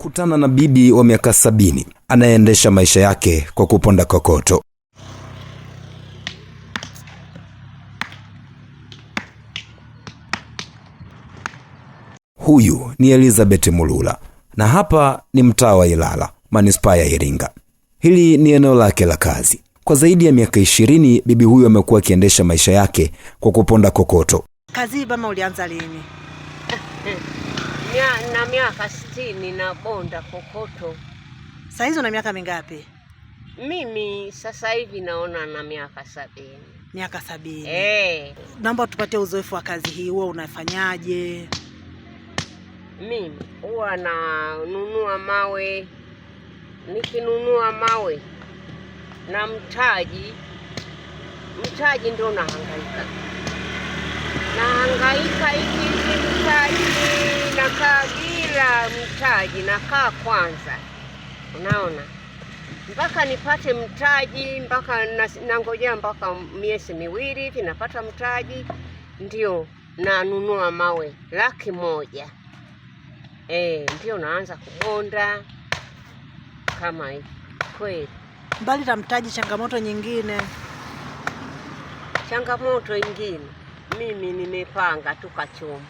Kutana na bibi wa miaka sabini anayeendesha maisha yake kwa kuponda kokoto. Huyu ni Elizabeth Mulula na hapa ni mtaa wa Ilala, manispaa ya Iringa. Hili ni eneo lake la kazi. Kwa zaidi ya miaka ishirini bibi huyu amekuwa akiendesha maisha yake kwa kuponda kokoto. Kazi bama ulianza lini? Mia, na miaka sitini na bonda kokoto. Saa hizo na miaka mingapi? Mimi sasa hivi naona na miaka sabini. Miaka sabini. Hey. Eh. Naomba tupatie uzoefu wa kazi hii, huwa unafanyaje? Mimi huwa nanunua mawe, nikinunua mawe na mtaji, mtaji ndio nahangaika, nahangaika naota bila mtaji, nakaa kwanza, unaona, mpaka nipate mtaji, mpaka nangojea mpaka miezi miwili hivi napata mtaji, ndio nanunua mawe laki moja e, ndio naanza kubonda kama hivi. Kweli mbali na mtaji, changamoto nyingine, changamoto nyingine, mimi nimepanga tu kachoma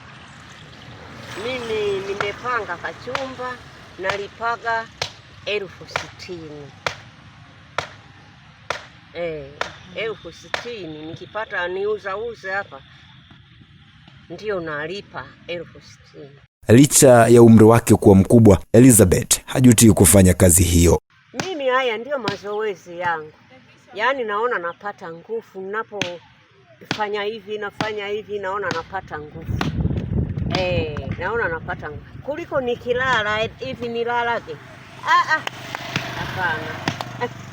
mimi nimepanga kachumba nalipaga elfu sitini eh, elfu sitini nikipata niuzauze hapa ndiyo nalipa elfu sitini. Licha ya umri wake kuwa mkubwa, Elizabeth hajutii kufanya kazi hiyo. Mimi haya ndiyo mazoezi yangu, yaani naona napata nguvu ninapofanya hivi, nafanya hivi, naona napata nguvu. Eh, naona napata kuliko nikilala eh, hivi nilalake. Ah ah. Hapana.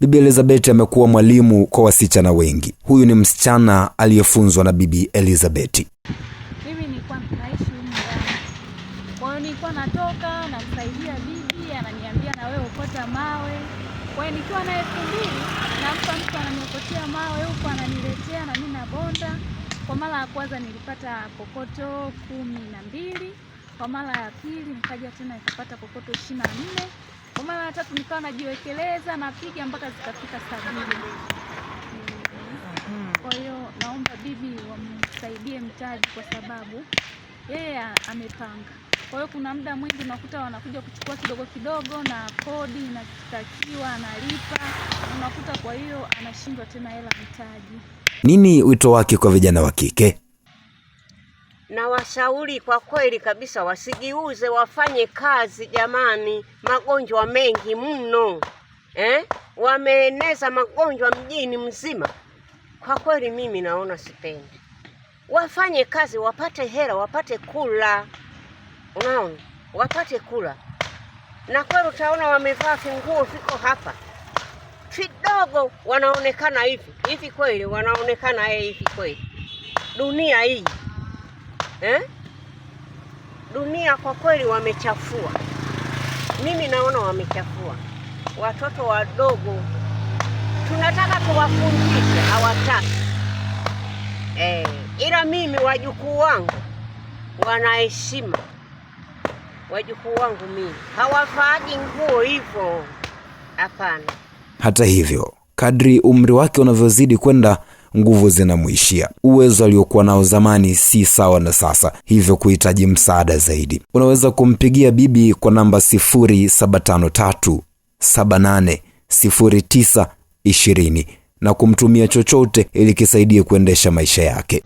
Bibi Elizabeth amekuwa mwalimu kwa wasichana wengi. Huyu ni msichana aliyefunzwa na Bibi Elizabeth. Mimi nilikuwa naishi huko ndani. Kwa hiyo nilikuwa natoka namsaidia bibi, ananiambia na wewe ukota mawe. Kwa hiyo nikiwa na elfu mbili nampa mtu ananiokotea mawe huko ananiletea na mimi nabonda. Kwa mara ya kwanza nilipata kokoto kumi na mbili, kwa mara ya pili nikaja tena nikapata kokoto ishirini na nne, kwa mara ya tatu nikawa najiwekeleza napiga mpaka zikafika sabini. Kwa hiyo naomba bibi wamsaidie mtaji kwa sababu yeye yeah, amepanga kwa hiyo kuna muda mwingi unakuta wanakuja kuchukua kidogo kidogo, na kodi inatakiwa analipa, unakuta kwa hiyo anashindwa tena hela mtaji. Nini wito wake kwa vijana wa kike? na washauri kwa kweli kabisa, wasijiuze, wafanye kazi jamani. Magonjwa mengi mno eh? Wameeneza magonjwa mjini mzima. Kwa kweli mimi naona sipendi, wafanye kazi, wapate hela, wapate kula unaona, wapate kula. Na kweli utaona wamevaa vinguo viko hapa vidogo, wanaonekana hivi hivi, kweli wanaonekana eh, hivi kweli, dunia hii eh? Dunia kwa kweli wamechafua, mimi naona wamechafua. Watoto wadogo tunataka kuwafundisha, hawataki eh, ila mimi wajukuu wangu wanaheshima wajukuu wangu mimi hawavaaji nguo hivyo, hapana. Hata hivyo, kadri umri wake unavyozidi kwenda nguvu zinamwishia. Uwezo aliokuwa nao zamani si sawa na sasa, hivyo kuhitaji msaada zaidi. Unaweza kumpigia bibi kwa namba 0753 78 09 na kumtumia chochote ili kisaidie kuendesha maisha yake.